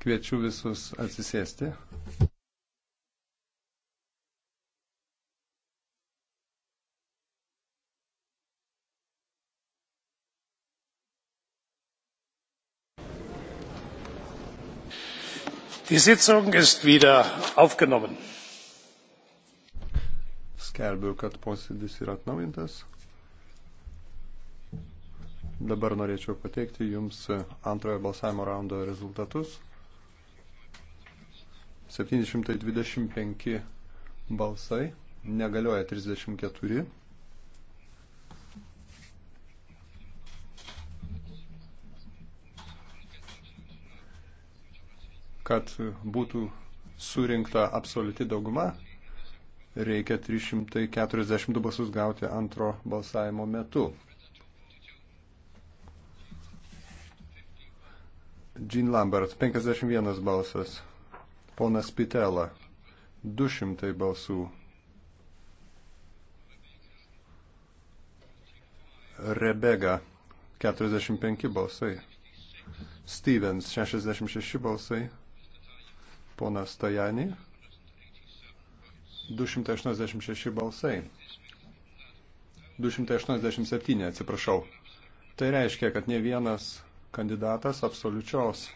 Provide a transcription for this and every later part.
Kviečiu visus atsisėsti. die sitzung ist wieder aufgenommen. skelbiu kad posėdis yra atnaujintas. Dabar norėčiau pateikti Jums antrojo balsavimo raundo rezultatus. 725 balsai, negalioja 34. Kad būtų surinkta absoliuti dauguma, reikia 342 balsus gauti antro balsavimo metu. Jean Lambert, 51 balsas. Ponas Pitela, 200 balsų. Rebega, 45 balsai. Stevens, 66 balsai. Ponas Tajani, 286 balsai. 287, atsiprašau. Tai reiškia, kad ne vienas kandidatas absoliučios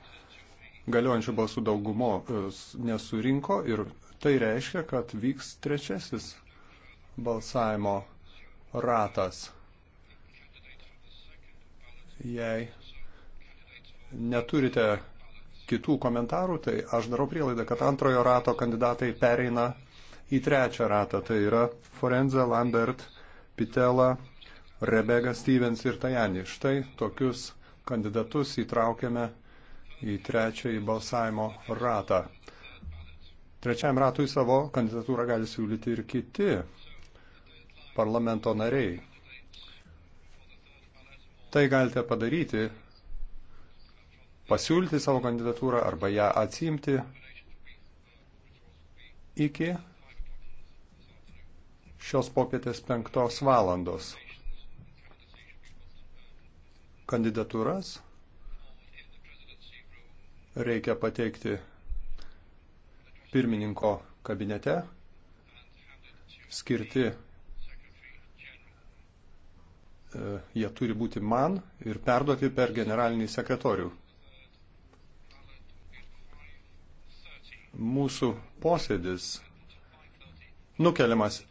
galiojančių balsų daugumo e, nesurinko ir tai reiškia, kad vyks trečiasis balsavimo ratas. Jei neturite kitų komentarų, tai aš darau prielaidą, kad antrojo rato kandidatai pereina į trečią ratą. Tai yra Forenza, Lambert, Pitela, Rebega Stevens ir Tajani. Štai tokius kandidatus įtraukėme į trečiąjį balsavimo ratą. Trečiajam ratui savo kandidatūrą gali siūlyti ir kiti parlamento nariai. Tai galite padaryti, pasiūlyti savo kandidatūrą arba ją atsimti iki šios popietės penktos valandos. Kandidatūras reikia pateikti pirmininko kabinete skirti. E, jie turi būti man ir perduoti per generalinį sekretorių. Mūsų posėdis nukeliamas